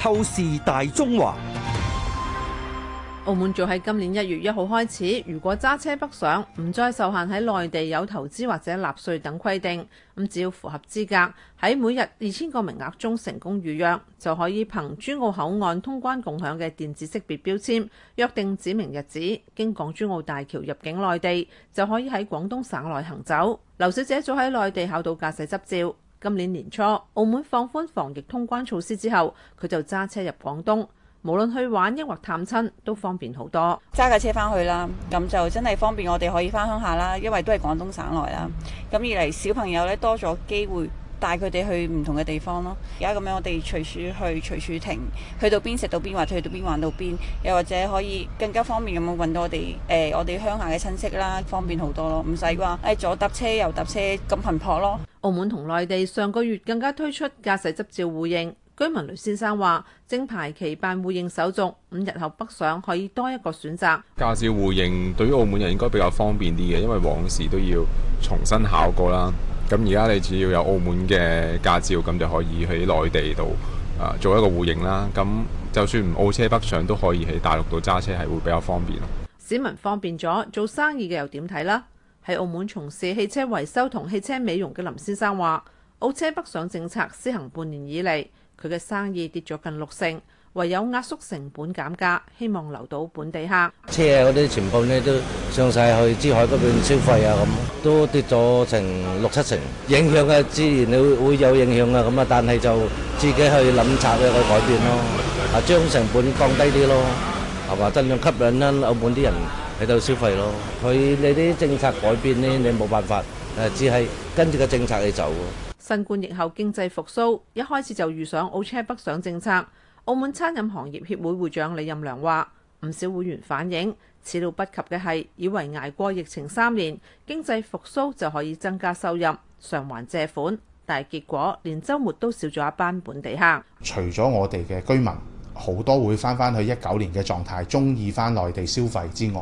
透視大中華，澳門就喺今年一月一號開始，如果揸車北上，唔再受限喺內地有投資或者納稅等規定。咁只要符合資格，喺每日二千個名額中成功預約，就可以憑珠澳口岸通關共享嘅電子識別標籤，約定指明日子，經港珠澳大橋入境內地，就可以喺廣東省內行走。劉小姐早喺內地考到駕駛執照。今年年初，澳門放寬防疫通關措施之後，佢就揸車入廣東，無論去玩抑或探親都方便好多。揸架車返去啦，咁就真係方便我哋可以返鄉下啦，因為都係廣東省內啦。咁二嚟，小朋友咧多咗機會。帶佢哋去唔同嘅地方咯。而家咁樣，我哋隨處去，隨處停，去到邊食到邊，或者去到邊玩到邊，又或者可以更加方便咁揾到我哋誒、呃、我哋鄉下嘅親戚啦，方便好多咯，唔使話誒左搭車右搭車咁頻撲咯。澳門同內地上個月更加推出駕駛執照互認，居民雷先生話：正排期辦互認手續，五日後北上可以多一個選擇。駕照互認對於澳門人應該比較方便啲嘅，因為往時都要重新考過啦。咁而家你只要有澳門嘅駕照，咁就可以喺內地度啊做一個互認啦。咁就算唔澳車北上都可以喺大陸度揸車，係會比較方便。市民方便咗，做生意嘅又點睇呢？喺澳門從事汽車維修同汽車美容嘅林先生話：澳車北上政策施行半年以嚟，佢嘅生意跌咗近六成。唯有壓縮成本減價，希望留到本地客車啊！嗰啲全部呢都上晒去珠海嗰邊消費啊，咁都跌咗成六七成，影響啊！自然你會會有影響啊，咁啊，但係就自己去諗策咧去改變咯，啊，將成本降低啲咯，係咪盡量吸引翻，澳門啲人喺度消費咯。佢你啲政策改變呢，你冇辦法誒，只係跟住個政策去走咯。新冠疫後經濟復甦一開始就遇上澳車北上政策。澳門餐飲行業協會會長李任良話，唔少會員反映，始料不及嘅係，以為捱過疫情三年，經濟復蘇就可以增加收入，償還借款，但係結果連周末都少咗一班本地客。除咗我哋嘅居民，好多會返返去一九年嘅狀態，鍾意返內地消費之外，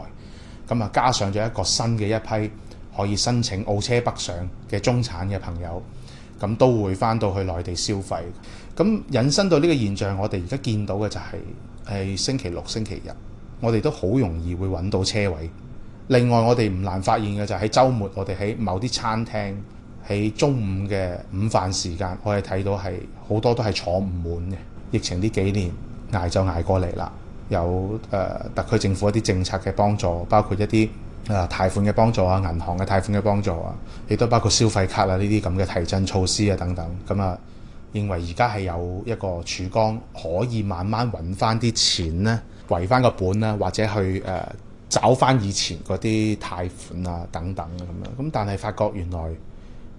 咁啊加上咗一個新嘅一批可以申請澳車北上嘅中產嘅朋友，咁都會返到去內地消費，咁引申到呢個現象，我哋而家見到嘅就係、是、係星期六、星期日，我哋都好容易會揾到車位。另外，我哋唔難發現嘅就係、是、喺周末，我哋喺某啲餐廳，喺中午嘅午飯時間，我哋睇到係好多都係坐唔滿嘅。疫情呢幾年捱就捱過嚟啦，有誒、呃、特區政府一啲政策嘅幫助，包括一啲。啊！貸款嘅幫助啊，銀行嘅貸款嘅幫助啊，亦都包括消費卡啊，呢啲咁嘅提振措施啊等等。咁啊，認為而家係有一個曙光，可以慢慢揾翻啲錢咧，維翻個本啊，或者去誒找翻以前嗰啲貸款啊等等咁樣。咁但係發覺原來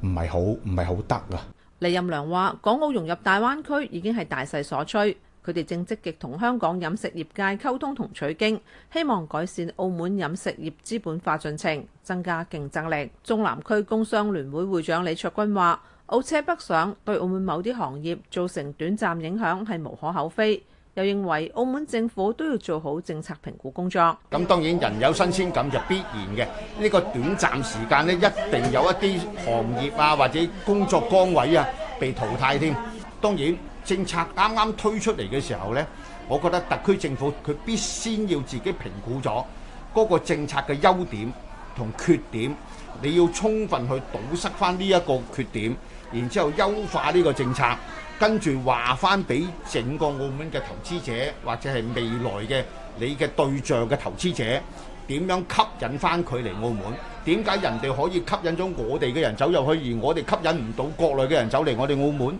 唔係好唔係好得啊。李任良話，港澳融入大灣區已經係大勢所趨。佢哋正積極同香港飲食業界溝通同取經，希望改善澳門飲食業資本化進程，增加競爭力。中南區工商聯會會長李卓君話：澳車北上對澳門某啲行業造成短暫影響係無可厚非，又認為澳門政府都要做好政策評估工作。咁當然人有新鮮感就必然嘅，呢個短暫時間呢一定有一啲行業啊或者工作崗位啊被淘汰添。當然。政策啱啱推出嚟嘅時候咧，我覺得特區政府佢必先要自己評估咗嗰個政策嘅優點同缺點，你要充分去堵塞翻呢一個缺點，然之後優化呢個政策，跟住話翻俾整個澳門嘅投資者或者係未來嘅你嘅對象嘅投資者點樣吸引翻佢嚟澳門，點解人哋可以吸引咗我哋嘅人走入去，而我哋吸引唔到國內嘅人走嚟我哋澳門。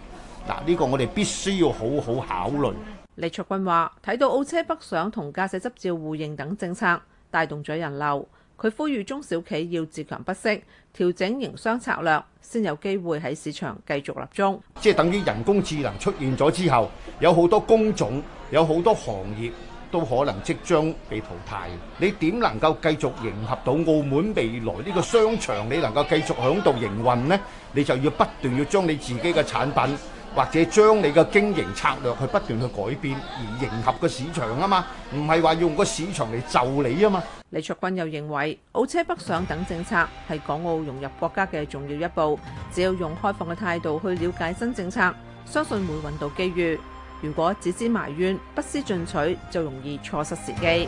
嗱，呢個我哋必須要好好考慮。李卓君話，睇到澳車北上同駕駛執照互認等政策，帶動咗人流。佢呼籲中小企要自強不息，調整營商策略，先有機會喺市場繼續立足。即係等於人工智能出現咗之後，有好多工種，有好多行業都可能即將被淘汰。你點能夠繼續迎合到澳門未來呢個商場？你能夠繼續響度營運呢？你就要不斷要將你自己嘅產品。或者將你嘅經營策略去不斷去改變，而迎合個市場啊嘛，唔係話用個市場嚟就你啊嘛。李卓君又認為，澳車北上等政策係港澳融入國家嘅重要一步，只要用開放嘅態度去了解新政策，相信會搵到機遇。如果只知埋怨，不思進取，就容易錯失時機。